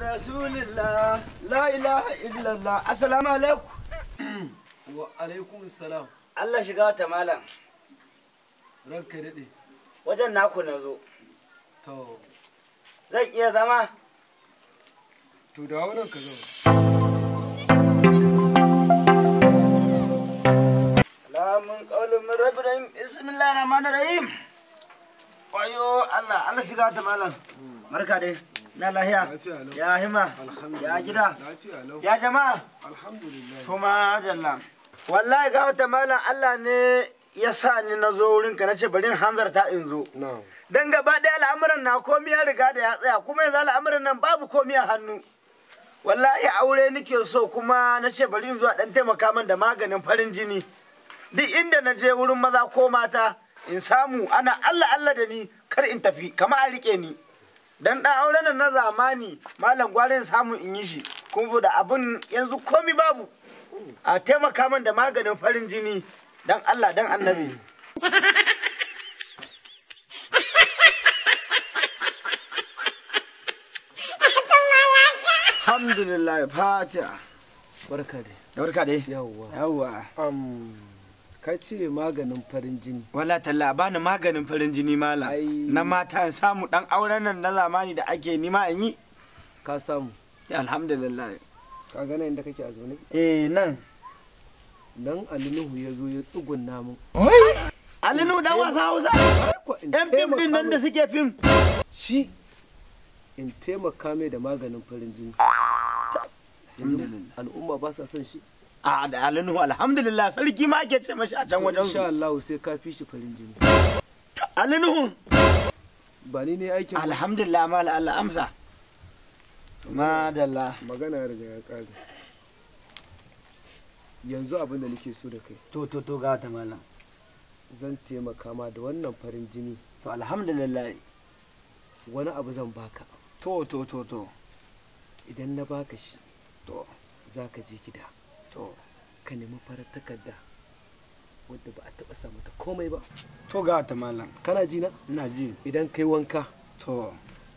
Muhammadu la ilaha illallah assalamu alaikum wa alaikum salam Allah shiga ta malam ranka wajen naku na zo to zan iya zama to da wannan ka zo Alamun ƙaunin min rabbi bismillahir rahmanir rahim Allah Allah shiga ta malam mm. barka dai na lahiya ya hima ya gida ya jama'a alhamdulillah kuma jalla wallahi ga wata malam Allah ne ya sa ni na zo wurin ka nace bari hanzarta in zo dan gaba da al'amuran na komai ya riga da ya tsaya kuma yanzu al'amuran nan babu komai a hannu wallahi aure nake so kuma na ce bari in zo a dan taimaka min da maganin farin jini duk inda na je wurin maza ko mata in samu ana Allah Allah da ni kar in tafi kama a rike ni dan da auren nan na zamani malam gwarin samun in yi shi kuma da abun yanzu komi babu a taimaka min da maganin farin jini dan Allah dan annabi alhamdulillah fatiha barka dai barka dai yawwa yawwa ka ce maganin farin jini wala talla bani maganin farin jini mala na mata in samu dan auren nan na zamani da ake nima in yi ka samu alhamdulillah ka gana inda kake a eh nan dan alinuhu ya zo ya tsugunna mu alinuhu dan wasa hausa yan fim din nan da suke fim shi in taimaka mai da maganin farin jini al'umma ba sa son shi a da alinu alhamdulillah sarki ma ke ce mashi a can wajen insha Allah sai ka fi shi farin jini alinu ba ni ne aikin alhamdulillah mal Allah amsa madalla magana ya riga ya kare yanzu abin da nake so da kai to to to ga ta mallam zan taimaka ma da wannan farin jini to alhamdulillah wani abu zan baka to to to to idan na baka shi to za ka je gida to ka nemi farar takarda wadda ba a taɓa samu ta komai ba to ga ta malam kana ji na ina ji idan kai wanka to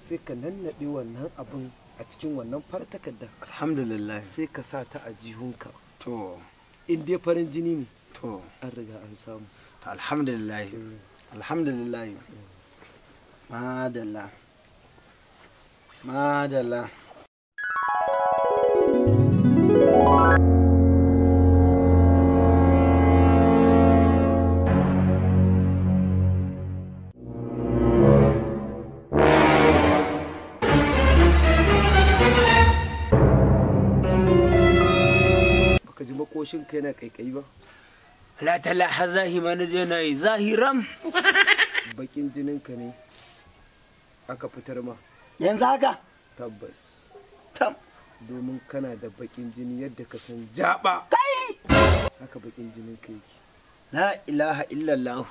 sai ka nannade wannan abin a cikin wannan farar takarda alhamdulillah sai ka sa ta a jihunka to in dai farin jini ne to an riga an samu to alhamdulillah eh. alhamdulillah eh. madalla madalla thank you goshin ka yana kaikayi ba la talaha zahi ma na je na yi zahiram bakin jinin ka ne aka fitar ma yanzu haka tabbas tam domin kana da bakin jini yadda ka san jaba kai haka bakin jinin ka yake la ilaha illallah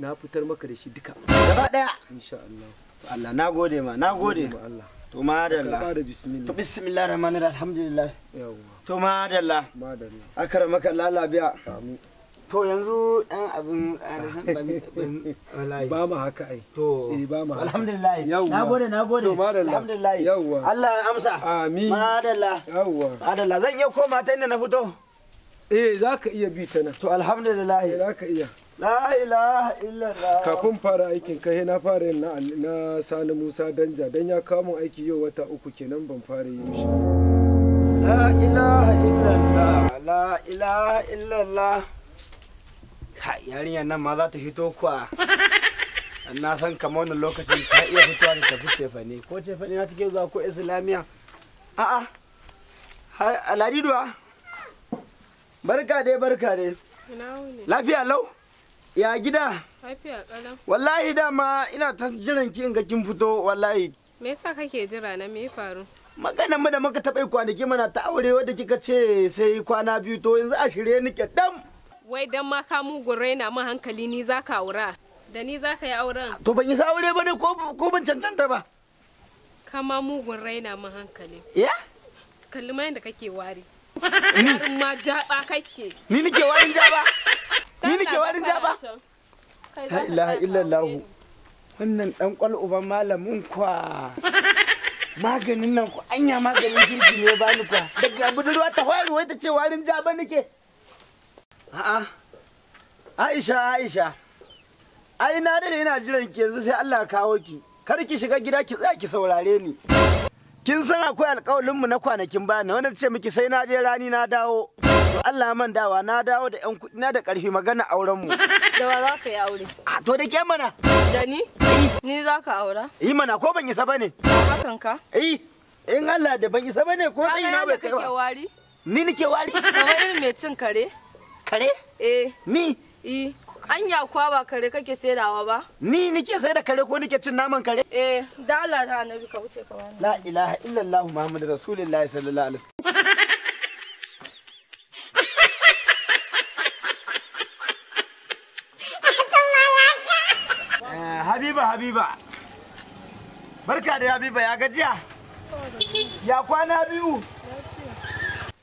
na fitar maka da shi duka gaba daya insha Allah Allah na gode ma na gode Allah to madalla to bismillah rahman alhamdulillah to madalla lalabiya to yanzu ɗan abin ba mu haka ai to eh, ba mu haka alhamdulillah yawwa nagode nagode to madalla alhamdulillah yawwa Allah ya amsa amin madalla yawwa madalla zan iya koma ta inda na fito eh iya bi ta nan to alhamdulillah eh, iya La ilaha illallah. Kafin fara aikin kai na fara yin na Sani Musa Danja don ya kamun aiki yau wata uku kenan ban fara yin shi. La ilaha illallah. La ilaha illallah. ha yarinyar nan ma za ta fito kuwa. Na san kamar wannan lokacin ta iya fitowa da tafi cefane ko cefane na take zuwa ko islamiya. A'a. Aladiduwa. Barka dai barka dai. Lafiya lau. Ya gida? Lafiya kalam. Wallahi dama ina ta jiran ki in ga kin fito wallahi. Me yasa kake jira na me faru? Magana mu da muka taɓa kwanaki mana ta aure wadda kika ce sai kwana biyu to yanzu a shirye ke dam. Wai dan ma ka mugun raina mu hankali ni za ka aura. Da ni za ka yi auren. To ban yi sa aure ba ne ko ban cancanta ba. Kama mugun raina mu hankali. Ya? Kalli ma yadda kake wari. Ni? Ma jaba kake. Ni nake warin jaba. ni nake warin jaba ha ilaha illallah wannan dan kwal uban malamin kwa maganin nan ku anya maganin jirgi ne ba ni kwa daga budurwa ta hwaru wai ta ce warin jaba nake a'a Aisha Aisha ai na dare ina jiran ki yanzu sai Allah kawo ki kar ki shiga gida ki tsaya ki saurare ni kin san akwai mu na kwanakin ba na wanda ta ce miki sai na je rani na dawo To Allah man dawa na dawo da yan kuɗi na da ƙarfi magana auren mu. Da wa za ka yi aure? A to da ke mana. Da ni? Ni za ka aura? Yi mana ko ban isa bane. Hakan ka? Eh. In Allah da ban isa bane ko zai na bai kai ba. Ka wari? Ni nake wari? Kamar irin mai cin kare. Kare? Eh. Ni? Eh. Anya kwa ba kare kake saidawa ba? Ni nake sai da kare ko nake cin naman kare? Eh, da Allah ta annabi ka wuce ka wani. La ilaha illallah Muhammadur Rasulullahi sallallahu alaihi wasallam. Habiba. Barka da Habiba ya gajiya? Ya kwana biyu?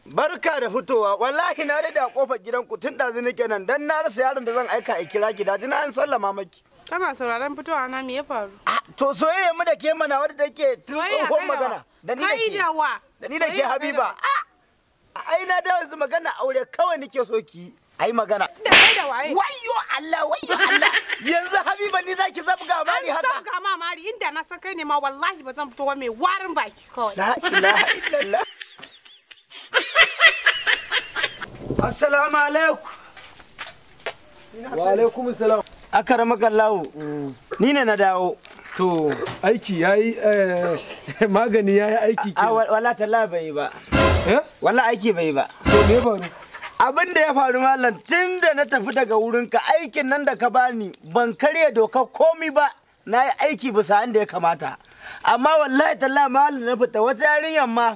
Barka da fitowa, wallahi na da kofar gidanku tun ɗazu nake nan dan na rasa yaron da zan aika a kira gida, ji an sallama maki. Kana sauraron fitowa na me ya faru? To soyayya mu da ke mana wadda take tun tsohon magana. Da ni da ke. Da ni da ke Habiba. Ai na da yanzu magana aure kawai nake so ki yi. ai magana da kai da waye wayyo Allah wayyo Allah yanzu habiba ni zaki zabga mari haka zabga ma mari inda na san kai ne ma wallahi ba zan fito wa mai warin baki kawai la ilaha illallah assalamu alaikum wa alaikum assalam akarama kallahu mm. ni ne na dawo to aiki yayi eh, magani yayi aiki ke wala talla bai ba eh wala aiki bai ba to me ba abin da ya faru malam tun da na tafi daga wurinka aikin nan da ka bani ban karya doka komi ba na yi aiki bisa inda ya kamata amma wallahi talla malam na fita wata yarinyar ma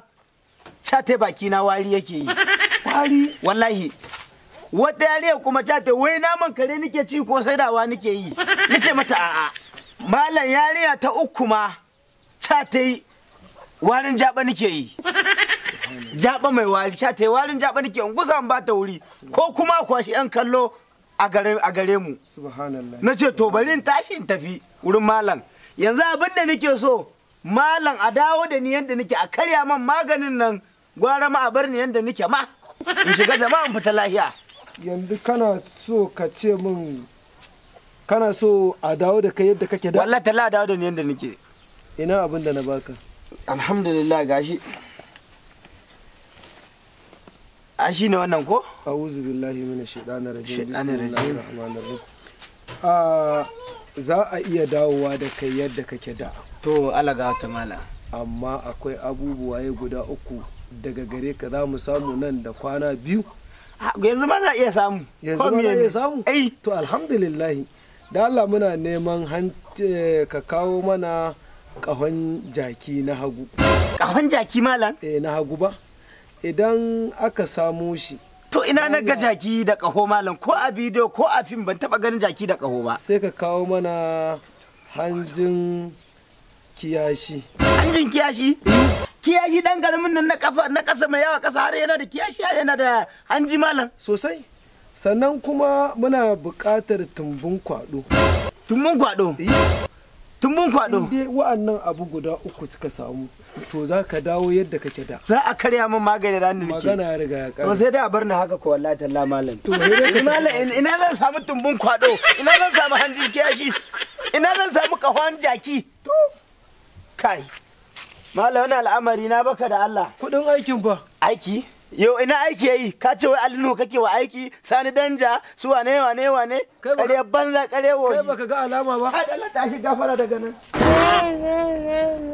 cate baki na wari yake yi wari wallahi wata yarinyar kuma cate wai naman kare nake ci ko sai dawa nake yi nace mata a'a malam yarinya ta uku ma yi warin jaba nake yi jaba mai wari sha ta warin jaba nake in gusa ba ta wuri ko kuma kwashi yan kallo a gare mu na ce to bari in tashi in tafi wurin malam yanzu abin da nake so malam a dawo da ni yadda nake a karya man maganin nan gwara ma a bar ni yadda nake ma in shiga ma in fita lahiya yanzu kana so ka ce min kana so a dawo da kai yadda kake da wallahi tala dawo da ni yadda nake ina abin da na baka alhamdulillah gashi a ah, shi ne wannan ko a'udhu billahi minash shaitanir rajim shaitanir rajim a ah, za a iya dawowa da kai yadda kake da to alaga ta mala amma akwai abubuwa ya guda uku daga gare ka za mu samu nan da kwana biyu ah, yanzu ma za iya samu yanzu ma za iya samu to alhamdulillah da Allah muna neman eh, ka kawo mana kahon jaki na hagu kahon jaki malam eh na hagu ba idan aka samo shi to ina na ga jaki da kaho malam ko a bidiyo ko a fim ban taba ganin jaki da kaho ba sai ka kawo mana hanjin kiyashi hanjin kiyashi kiyashi dan garamin nan na kafa na kasa mai yawa kasa har yana da kiyashi yana da hanji malam sosai sannan kuma muna buƙatar tumbun kwado tumbun kwado eh. tun mun kwaɗo wa'annan abu guda uku suka samu to za ka dawo yadda kake da za a karya min magani da nake magana ya riga ya kare to sai dai a bar ni haka ko wallahi talla malam to malam ina zan samu tumbun kwaɗo ina zan samu hanjin kiyashi ina zan samu kahon jaki to kai malam wannan al'amari na baka da Allah kudin aikin ba aiki yau ina aiki yayi ka ce wai alinu kake wa aiki sani danja su wane wane wane kare banza kare wo kai baka ga alama ba Allah ta shi gafara daga nan